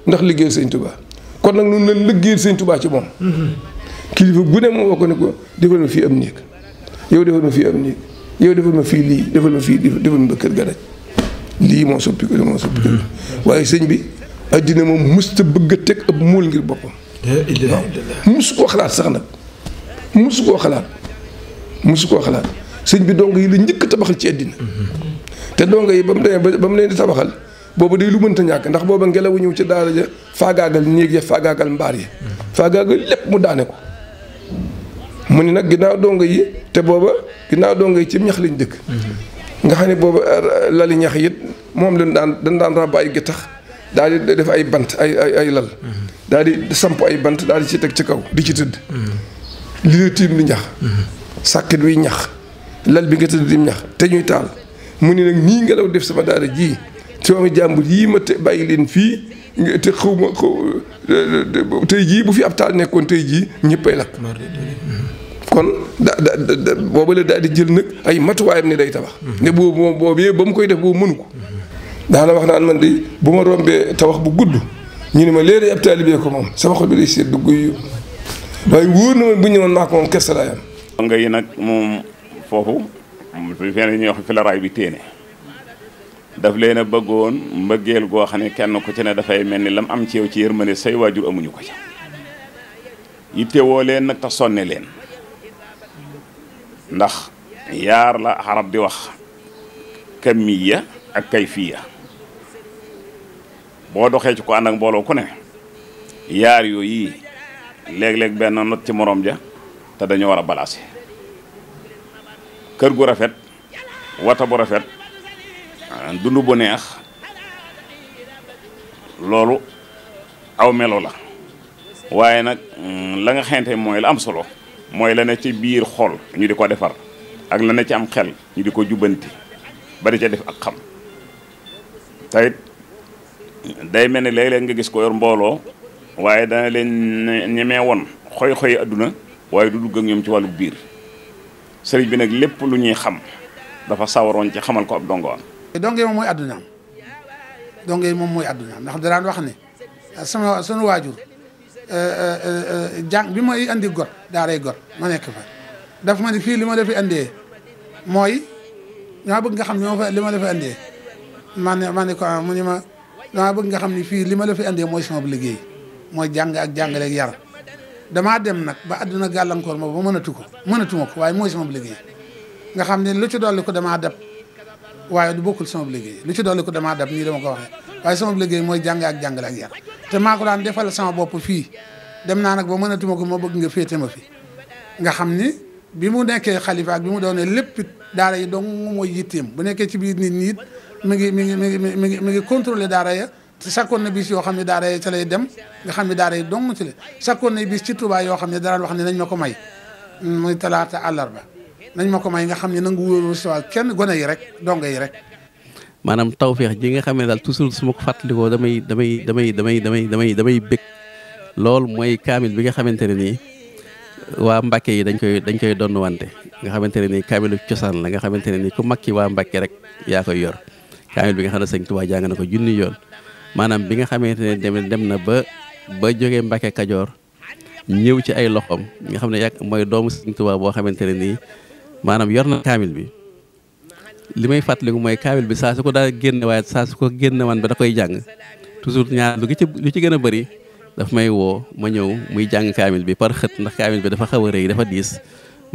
ndax liggéeyal sëñ Tuubaa kon nag ñun leen liggéeyal sëñ Tuubaa ci moom. kilifa gune moo wax ko ne ko defal ma fii am néeg yow defal ma fii am néeg yow defal fii lii defal ma fii defal ma kër ga lii moo soppi ko lii moo soppi ko hmm. waaye sëñ bi àddina moom mus ta bëgg a teg ab muul ngir boppam musu koo xalaat sax nag musu koo xalaat musu koo xalaat sëñ bi donk yi la njëkk tabaxal ci àddina hmm. te dong yi ba mu demee ba mu leen di tabaxal boobu day lu mënta ñàkk ndax booba ngelaw ñëw ci daara ja faagaagal néeg ya faagaagal mbaar ya hmm. faagaagal lépp mu daane ko mu ni nag ginnaaw dongo yi te booba ginnaaw dongo yi ci ñax lañ dëkk nga xam ne booba euh, lali ñax yit moom lañ daan dañ daan ràbb ay gittax daal di def ay bant ay ay lal mm-hmm. daal di samp ay bant daal di ci teg ci kaw di ci tëdd mm-hmm. li la tiim di ñax mm-hmm. sàkkit wi ñax lal bi nga tëdd di ñax te ñuy taal mu ni nag nii ngelaw def sama daara jii ci doomi jàmbur yii ma te bàyyi leen fii te xaw ma xaw tey jii bu fi ab taal nekkoon tey jii ñëppay lakk kon da da da booba la daal di jël nag ay matuwaayam ne day tabax. ne boobu moom boobee ba mu koy def boobu mënu ko. daana wax naan man de bu ma rombee tabax bu gudd ñu ni ma léegi ab taalibee ko moom sama xol bi day seet dugg waaye wóor na ma bu ñu ñëwoon maa ko moom kersa laay yi nag moom foofu fi ñuy wax fi bi téene. daf leen a bëggoon mbëggeel goo xam ne kenn ku ci ne dafay mel ni lam am ci yow ma ne say waajur amuñu ko ci yittewoo leen nag te sonne leen ndax yaar la arab di wax ya ak kayfiya boo doxee ci ko ànd ak mbooloo ku ne yaar yooyu léeg-léeg benn not ci moroom ja te dañoo war a balaase kër gu rafet wata bu rafet Euh, dund bu neex loolu aw melo la waaye nag euh, la nga xente mooy la am solo mooy la ne ci biir xool ñu di ko defar ak la ne ci am xel ñu di ko jubbanti ba di ca def ak xam tayit day mel ni léeg nga gis ko yor mbooloo waaye dana leen ñemee woon xoy-xoy adduna waaye du dugg ak ñoom ci wàllu biir sëriñ bi nag lépp lu ñuy xam dafa sawaroon ci xamal ko ab dongo te donge moom mooy addunaam donge moom mooy addunaam ndax daraan wax ne sama sunu waajur eh, eh, eh, jàng bi may andi got daaray got ma nekk fa daf ma ne fii li ma la fi andee mooy dama bëgg nga xam ne ma li ma la fi andee ma ne ma ne ko ah, mu ma dama bëgg nga xam ne fii li ma la fi andee mooy sama liggéey mooy jàng ak jàngale ak yar damaa dem nag ba àdduna gàllankoor ma ba mënatu ko mënatuma ko waaye mooy sama liggéey nga xam ne lu ci ko damaa dem waaye du bokkul sama liggéey lu ci dolli ko damaa dab nii dama ko waxee waaye sama liggéey mooy jàng ak jàngale ak yar te maa ko daan defal sama bopp fii dem naa nag ba mënatuma ko ma bëgg nga féete ma fi nga xam ni bi mu nekkee xalifa ak bi mu doonee lépp daara yi dong mooy yitteem bu nekkee ci biir nit ñi it mi ngi mi ngi mi ngi mi ngi mi ngi contrôlé daara ya te sakkoon na yoo xam ne daara yi ca lay dem nga xam ne daara yi dong ci la sakkoon na bis ci Tuubaa yoo xam ne daraan wax ne nañ ma ko may muy talaata àllarba nañ ma ko may nga xam ne nangu wóoru recevoir kenn gone yi rek donga yi rek maanaam tawféex ji nga xam ne daal toujours su ma ko fàttalikoo damay damay damay damay damay damay damay bëgg loolu mooy kaamil bi nga xamante ne nii waa Mbàkke yi dañ koy dañ koy donn wante nga xamante ne nii kaamilu cosaan la nga xamante ne nii ku makki waa Mbàkke rek yaa koy yor kaamil bi nga xam ne sëñ Tuubaa jàng na ko junni yoon maanaam bi nga xamante ne dem dem na ba ba jógee Mbàkke Kajoor ñëw ci ay loxoom nga xam ne yàgg mooy doomu sëñ Tuubaa boo xamante ne nii maanaam yor na kaamil bi li may fàttaliku mooy kaamil bi saa si ko daal génne waaye saa su ko génne wan ba da koy jàng toujours ñaar lu ci lu ci gën a bëri daf may woo ma ñëw muy jàng kaamil bi par xët ndax kaamil bi dafa xawa a rëy dafa diis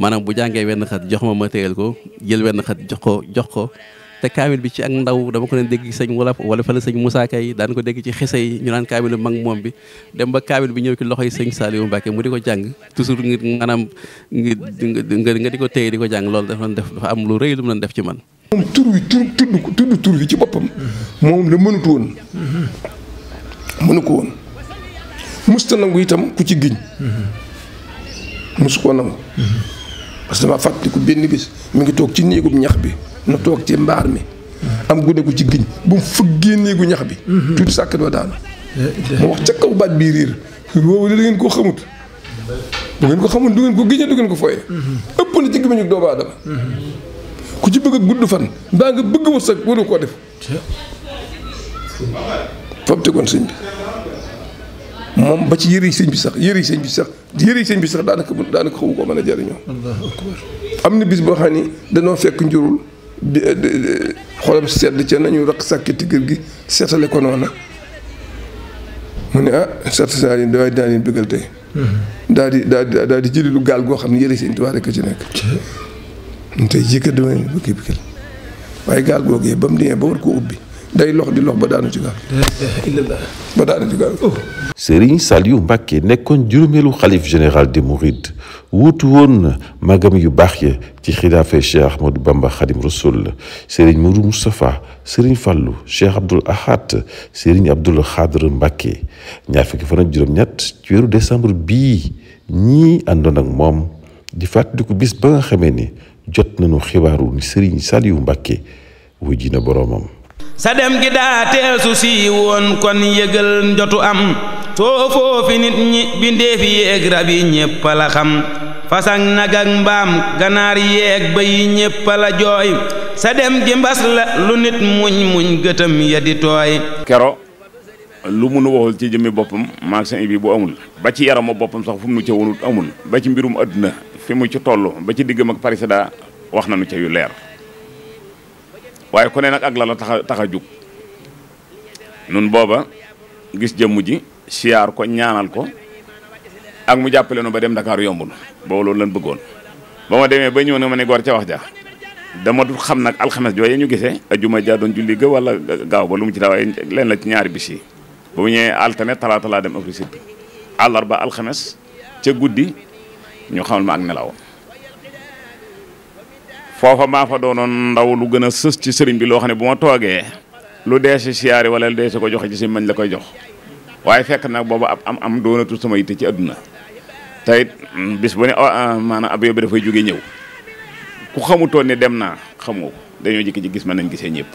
maanaam bu jàngee wenn xat jox ma ma téyel ko jël wenn xat jox ko jox ko te kaamil bi ci ak ndaw dama ko leen dégg sëñ wala wala fa la sëñ Moussa Kay daan ko dégg ci xese yi ñu naan kaamil mag moom bi dem ba kaamil bi ñëw ci loxo yi sëñ Saliou Mbacke mu di ko jàng toujours ngir maanaam nga nga di ko téye di ko jàng loolu dafa def dafa am lu rëy lu mu doon def ci man. moom tur wi tur tudd wi ci boppam. moom la mënut woon. mënu ko woon. musta nangu itam ku ci giñ. musu koo nangu. parce que dama fàttaliku benn bis mi ngi toog ci néegub ñax bi. na toog ci mbaar mi am gune gu ci giñ bu mu fëgg génneegu ñax bi mhm. tuuti sàkket ba daanu mu wax ca kaw baat bii riir woowu da ngeen koo xamut du ngeen ko xamut du ngeen ko giñee du ngeen ko fooye mhm. ëpp na ci gémmiñu mhm. ku ci bëgg gudd fan mbaa nga bëgg wërsëg waru koo def fab sëñ bi moom ba ci yëri sëñ bi sax yëri yi bi sax yëri sëñ bi sax daanaka daanaka xawu ko mën a jariñoo am na bis boo xam ni danoo fekk njurul bi xolam sedd ca nañu raq sàkkiti kër gi seetale ko noona mu ne ah seet saa yi daway daal leen bëggal tey mm-hmm. daal di daal di daal di jëli lu gaal goo xam ne yëre seen tubaab rek ci nekk tey jikka damay bëgg bëggal waaye gaal googee ba mu demee ba war koo ubbi day lox di lox ba daanu ci gaal ba daanu nekkoon juróomeelu xalif général des Mourides wuutu woon magam yu baax yi ci xilaafe Cheikh Ahmadou Bamba Khadim Rasoul Serigne Mourou Moustapha Serigne Fallou Cheikh Abdoul Ahad Serigne Abdoul Khadr Mbacké ñaar fukki fan ak juróom-ñett ci weeru décembre bii ñii àndoon ak moom di fàttaliku bis ba nga xamee ni jot nañu xibaaru ni Serigne Saliou Mbacké wujji na boroomam sa dem gi daa teesu sii woon kon yëgal njotu am soo foofi nit ñi bindéef yéeg rab yi ñépp la xam fasaŋ nag ak mbaam ganaar yeeg ba yi ñépp la jooy sa dem gi mbas la lu nit muñ muñ gëtam ya kero lu munu waxul ci jëmmi boppam maag sa bi bu amul ba ci yaramu boppam sax fu mu nu ca wonut amul ba ci mbirum àdduna fi mu ci toll ba ci diggam ak parisada wax nañu ca yu leer waaye ku ne nag ak la tax a tax a jug nun booba gis jëmm ji siyaar ko ñaanal ko ak mu jàppale nu ba dem Dakar yombul boobu loolu lan bëggoon ba ma demee ba ñëw ne ma ne gor ca wax ja dama du xam nag alxames jooyee ñu gisee ajuma ja doon julli ga wala gaaw ba lu mu ci daaw waaye leen la ci ñaari bis yi ba mu ñëwee altine talaata laa dem Afrique bi ba alxames ca guddi ñu xamal ma ak nelaw foofa maa fa doonoon ndaw lu gën a sës ci sëriñ bi loo xam ne bu ma toogee lu dee si siyaari wala lu dee si ko joxe ci si mañ la koy jox waaye fekk nag boobu ab am am doonatu sama yitte ci àdduna tey mm, bis bu ne ah, ah, maanaam ab yóbbu dafay jóge ñëw ku xamutoon ni dem naa xamoo dañoo jikki ci gis ma nañ gisee ñëpp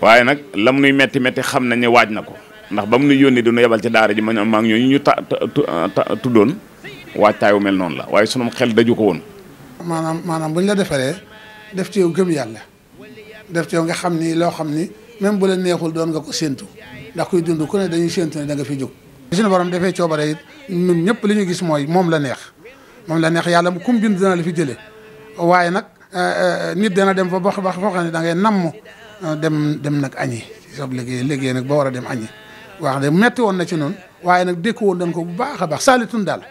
waaye nag lam nuy metti metti xam nañ ne waaj na ko ndax ba mu nuy yónni dunu yebal ci daara ji ma maa ngi ñooñu ñu ta ah, tuddoon waajtaay wu mel noonu la waaye sunum xel daju ko woon maanaam maanaam bu la defaree def ci yow gëm yàlla def ci yow nga xam ni loo xam ni même bu la neexul doon nga ko séentu ndax kuy dund ku ne dañuy séentu ne da nga fi jóg. suñu borom defee coobare it ñun ñëpp li ñu gis mooy moom la neex moom la neex yàlla mu kum bind dina la fi jëlee waaye nag eh, eh, nit dana dem fa ba ba foo ne da ngay namm eh, dem dem nag añi sob liggéey liggéey nag ba war a dem añi wax de metti woon na ci noonu waaye nag dékku woon dañ ko bu baax a baax saalitun daal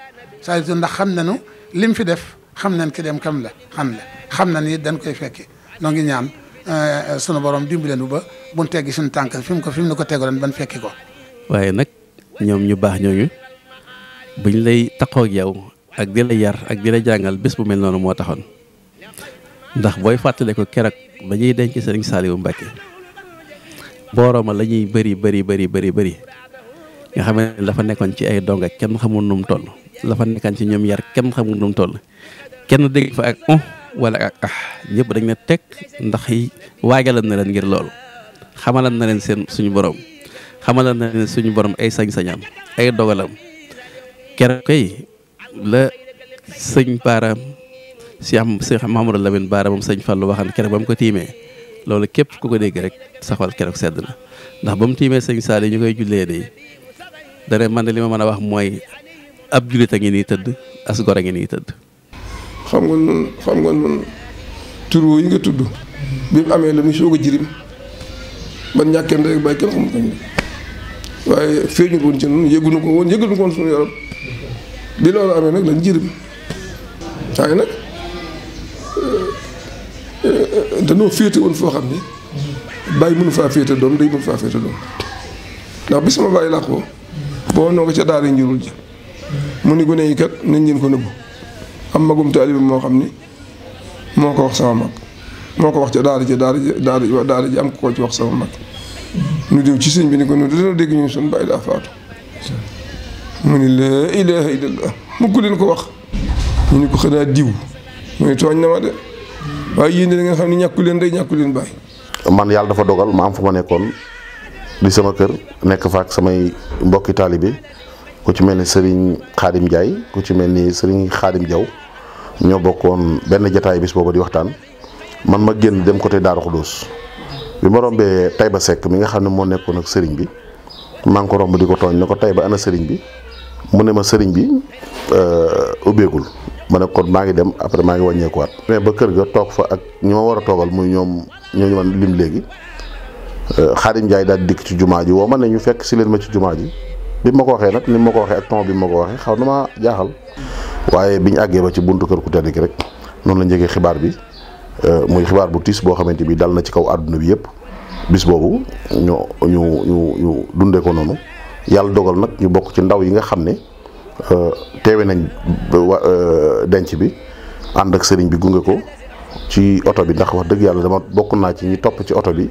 saalitun ndax xam nañu lim fi def. xam nañ ki dem kam la xam xam nañ ni dañ koy fekke noo ngi ñaan eh, eh, sunu borom dimbali leen ba bu ñu teggi suñu tànk fi mu ko fi mu ne ko tegaloon ban fekki ko. waaye nag ñoom ñu baax ñooñu buñ lay taxoo ak ak di la yar ak di la jàngal bés bu mel noonu moo taxoon ndax booy fàttale ko keroog ba ñuy denc sëriñ Saliou Mbacke boorooma la ñuy bari bëri bëri bëri bëri nga xam ne dafa nekkoon ci ay donga kenn xamul nu mu toll. la fa nekkaan ci ñoom yar kenn xamul nu mu toll kenn dégg fa ak on um wala ak ah ñëpp dañ ne teg ndax waajalan na leen ngir loolu xamalan na leen seen suñu borom xamalan na leen suñu borom ay sañ-sañam ay dogalam keroog kay la sëñ baaraam si am si Mahamadou Lamine baaraamam sëñ Fallu waxan keroog ba mu ko tiimee loolu képp ku ko dégg rek saxal keroog sedd na ndax ba mu tiimee sëñ Saali ñu koy jullee nii dana man de li ma mën a wax mooy ab jullit a ngi nii tëdd as gor a ngi nii tëdd xam nga nun xam nga nun turoo yi nga tudd bi mu amee la muy soog a jirim ban ñàkkee rek bàyyi kenn xamul ko waaye feeñul woon ci nun yëgunu ko woon yëgunu ko woon suñu yaram bi loolu lañ jirim nag euh, danoo féete woon foo xam ni bàyyi mënu faa féete doom day mënu faa bi sama bàyyi làqoo boo noo ko ca daara njurul ji mu ni gone yi kat nañ leen ko nëbbu am magum taalibe moo xam ni moo ko wax sama mag moo ko wax ca daara ji daara ji daara ji am ko ci wax sama mag nu diw ci sëñ bi ni ko nu dañoo dégg ñu suñu bàyyi daa faatu mu ni laa ilaha illallah mu ko leen ko wax ñu ni ko xanaa diw mu ni tooñ na ma de waaye yéen da ngeen xam ni ñàkku leen day ñàkku leen bàyyi man yàlla dafa dogal ma am fa ma nekkoon di sama kër nekk fa ak samay mbokki taalibe ku ci mel ni sëriñ xaadim Njaay ku ci mel ni sëriñ xaadim Jaw ño bokkon ben jotaay bis bobu di waxtan man ma genn dem côté daru khodous bi ma rombee Tayba sek mi nga xamne mo nekkon ak serigne bi man ko romb di togn nako Tayba ana serigne bi mune ma serigne bi euh ma mané kon maa ngi dem après magi ngi wat mais ba kër ga tok fa ak ñi wara togal a muy ñoom man lim euh Xaadim Njaay daal dik ci jumaa ji woo ñu fekk ci leen ma ci jumaa ji bi mako waxé nak ni mako waxé ak ton bi mako waxé jaaxal waaye bi ñu àggee ba ci buntu kër ku tedd ki rek noonu la yëgee xibaar bi euh, muy xibaar bu tiis boo xamante bi dal na ci kaw àdduna bi yëpp bis boobu ñu ñu ñu dundee ko noonu yàlla dogal nag ñu bokk ci ndaw yi nga xam ne euh, teewe nañ euh, denc bi ànd ak sëriñ bi gunge ko ci oto bi ndax wax dëgg yàlla dama bokk naa ci ñi topp ci oto bi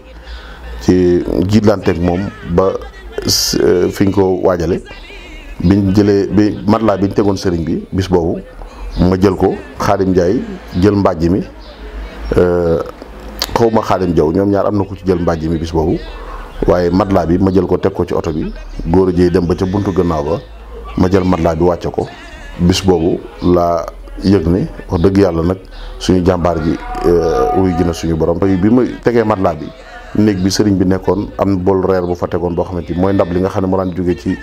ci jiitlanteeg moom ba fi ñu ko waajale biñ jëlee bi matelas bi ñu tegoon sëriñ bi bis boobu ma jël ko xaadim Njaay jël mbàjj mi euh, xaw ma xaadim jaw ñoom ñaar am na ko ci jël mbàjj mi bis boobu waaye matelas bi ma jël ko teg ko ci oto bi góor a jëy dem ba ca buntu gannaaw ba ma jël matelas bi wàcce ko bis boobu laa yëg ni wax dëgg yàlla nag suñu jàmbaar ji euh, wuyu ji na suñu borom te bi ma tegee matelas bi néeg bi sëriñ bi nekkoon am boolu reer bu fa tegoon boo xamante ni mooy ndab li nga xam ne moo daan jóge ci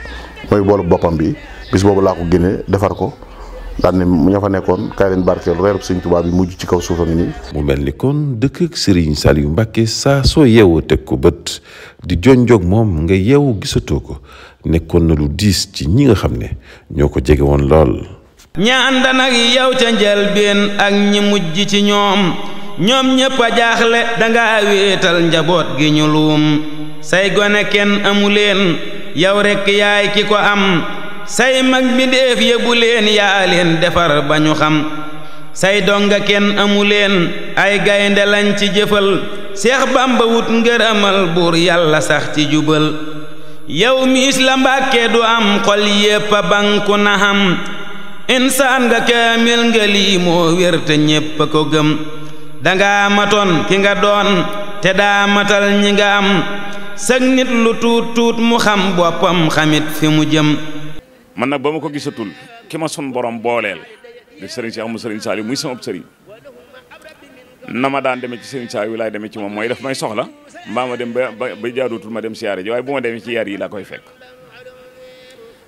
mooy boolu boppam bi bis boobu laa ko génne defar ko daan ne ña fa nekkoon kaay leen barkeel reerub sëriñ Tuubaa bi mujj ci mu mel ni kon dëkk ak sëriñ Saliou Mbacke saa soo yeewoo teg ko bët di jonjoog moom nga yeewu gisatoo ko nekkoon na lu diis ci ñi nga xam ne ñoo ko jege woon lool ña àndan ak yow ca njëlbeen ak ñi mujj ci ñoom ñom ñépp a da nga wétal njabot gi ñu luum say gone ken amulen yaw rek yaay kiko am say mag mi def yëbu ya len defar banyuham xam say donga ken amu ay gaynde lañ ci jëfël cheikh bamba wut amal bur yalla sax ci jubal yaw mi islam mbàkke du am xol yépp banku na xam insaan nga kaamil nga lii moo ko gëm danga maton, ki nga don te da matal ñi nga am sak nit lu tut tut mu xam bopam xamit fi mu jëm man nak bama ko gisatul ki ma sun borom bolel di serigne si amu serigne salih muy sama serigne nama daan demee ci serigne Saliou laay demee ci mom moy daf may soxla dem ba jaadutul ma dem siyar ji way buma dem ci yar yi la koy fekk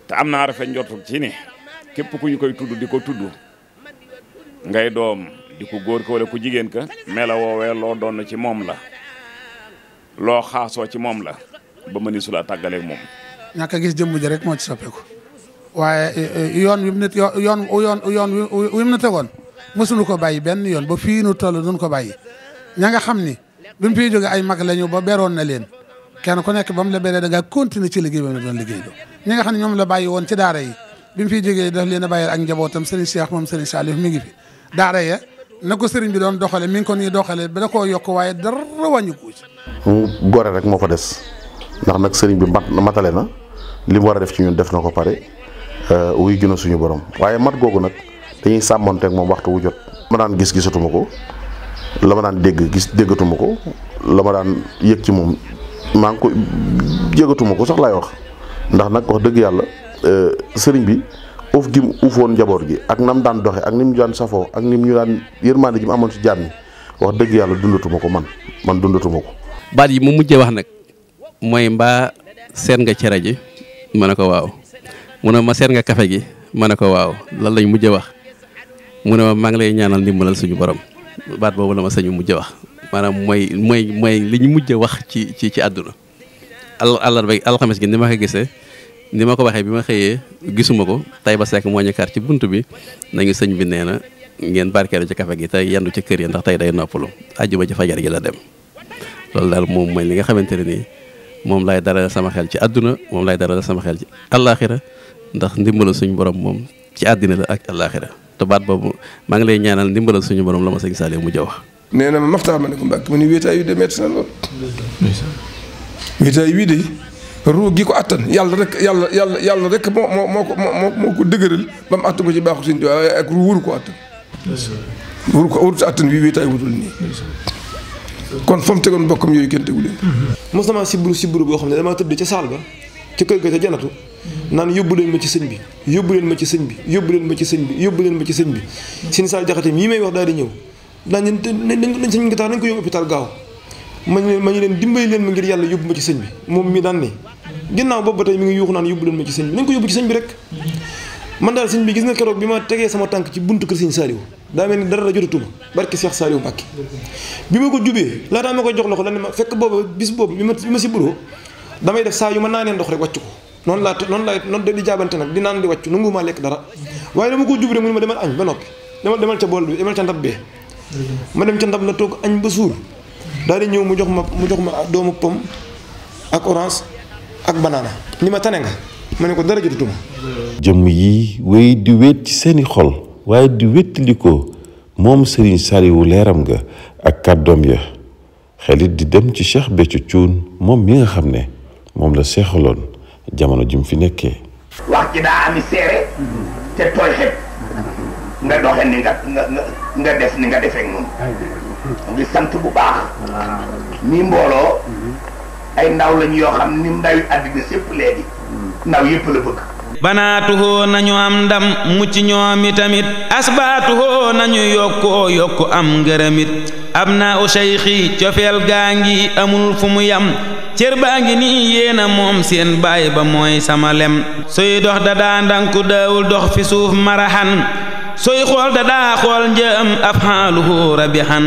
te amna rafa ñortu ci ni képp ku koy ngay dom di ku góor ko wala ku jigéen ka mela woowee loo doon ci moom la loo xaasoo ci moom la ba mëni su la tàggaleeg moom ñàkk a gis jëmm ji rek moo ci soppeeku waaye eh, eh, yoon wi mu nit yoon yoon yoon wi mu na tegoon mësuñu ko bàyyi benn yoon ba fii nu toll duñ ko bàyyi ña nga xam ni bi mu fiy jóge ay mag lañu ba beroon na leen kenn ku nekk ba mu la beree da ngaa continuer ci liggéey ba mu doon liggéey do ñi xam ne ñoom la bàyyi woon ci daara yi bi mu fiy jógee daf leen a bàyyi ak njabootam Serigne Cheikh ngi fi daara ya na ko sëriñ bi doon doxale mi ngi ko nii doxale ba da koo yokk waaye dara wàññi ko ci mu gore rek moo fa des ndax nag sëriñ bi mat matale na li war a def ci ñun def na ko pare euh, wuy juna suñu borom waaye mat googu nag dañuy sàmmanteeg moom waxtu wu jot ma daan gis gisatuma ko la ma daan dégg gis déggatuma ko la ma daan yëg ci moom maa ngi ko yëgatuma ko sax laay wax ndax nag wax dëgg yàlla euh, sëriñ bi uuf gi mu uufoon njaboot gi ak nam daan doxe ak ni mu daan safoo ak ni mu ñu daan yërmande ji mu amoon ci jaam ñi wax dëgg yàlla dundatuma ko man man dundatuma ko. baat yi mu mujjee wax nag mooy mbaa seet nga cere ji ma ne ko waaw mu ne ma seet nga kafe gi ma ne ko waaw lan lañ mujjee wax mu ne ma maa ngi lay ñaanal ndimbalal suñu borom baat boobu la ma sañu mujjee wax maanaam mooy mooy mooy li ñu mujjee wax ci ci ci àdduna. al àllarba alxames gi ni ma ko gisee. ni ma ko waxee bi ma gisuma ko tay ba sek ñu xaar ci buntu bi nañu señ bi neena ngeen barkelu ci kafe gi tay yandu ci kër yi ndax tay day noppalu àjjuma ci fajar gi la dem lol dal mom mooy li nga xamanteni ni mom lay dalal sama xel ci aduna mom lay dalal sama xel ci alakhirah ndax ndimbalu suñu borom mom, ci adina la ak alakhirah to baat bobu ma ngi lay ñaanal ndimbalu suñu borom la ma sëñ mu jox neena ma maftaa ma ne ko ni wéetaay yu demet sa lol lool. wi de. ruu gi ko attan yàlla rek yàlla yàlla yàlla rek moo moo moo ko moo moo ko dëgëral ba mu attan ko ci baaxu Sëriñ Tuubaa waaye ak wuru ko attan wuru ko wuru si attan wi wii tay wutul nii kon fa mu tegoon bokkam yooyu kenn tegu leen mos na maa sibbiru sibbiru boo xam ne damaa tëdd ca saal ba ca kër ga ca janatu naan yóbbu leen ma ci sëñ bi yóbbu leen ma ci sëñ bi yóbbu leen ma ci sëñ bi yóbbu ma ci sëñ bi seen saal jaxate yi may wax daal di ñëw daan ñen nañ sëñ nga tax nañ ko yóbbu hôpital gaaw ma leen ma leen dimbali leen ma ngir yàlla yóbbu ma ci sëñ bi moom mi daan ginnaaw boobu ba tey mi ngi yuuxu naan yóbbu leen ma ci sëñ bi nañ ko yóbbu ci sëñ bi rek man daal sëñ bi gis nga keroog bi ma tegee sama tànk ci buntu kër sëñ Saliou daa mel ni dara la jotatuma barki Cheikh Saliou Mbacke bi ma ko jox loxo la ne ma fekk boobu bis boobu bi ma bi ma si buroo damay def saa yu ma naanee ndox rek wàcc ko noonu laa noonu laa noonu da di jaabante naan di wàccu nangumaa lekk dara ko jub rek mu ne ma demal añ ba noppi demal demal ca bool bi demal ca ndab bee ma dem ca ndab la toog añ ba suur daal di ñëw mu jox ma mu jox ma doomu pom ak orange ak banana ni ma tane nga ma ko dara jotutuma jëm yi wéy di wét ci seeni xol waaye di liko mom sëriñ sariwu leeram nga ak kaddom ya xelit di dem ci cheikh beccu cuun mom mi nga xamné mom la seexaloon jamono jim fi nekké wax ci da ami séré té toy xeb nga doxé ni nga nga def ni nga ak mom ngi sant bu baax ni mbolo ay ndaw lañ yoo xam ni ndawi àddina sépp ndaw yépp la bëgg banaatuhoo nañu am ndam mucc ñoomi tamit asbaatuhoo nañu yokkoo yokku am ngërëmit ab naa u seyxi cofeel gaa ngi amul fu mu yam cër baa ngi nii yéena moom seen baay ba mooy sama lem suy dox da daa ndanku daawul dox fi suuf maraxan soy xool da daa xool njëm ab xaaluhu rabihan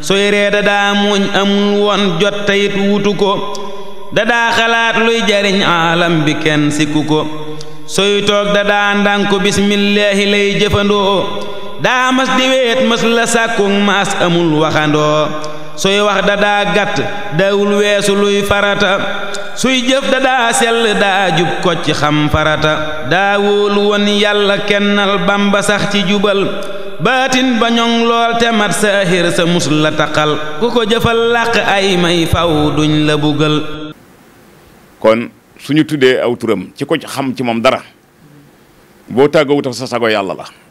soy ree da daa muuñ amul woon jot tayit ko Dada khalat luy jariñ alam bi ken sikuko ko soy tok dada ndànku bismillah lay jefando da mas di wet mas la sàkkug mas amul waxando soy wax dada gat dawul wesu luy farata suy jef dada sel daa jub ko ci xam farata da wóolu yalla yalla kenal bamba sax ci jubal batin ba ñoŋ te mat sahir sa musla takal taqal ku ko ay may faw duñ la bugal kon suñu tuddee aw turam ci ko xam ci moom dara boo tàggoowu tax sa sago yàlla la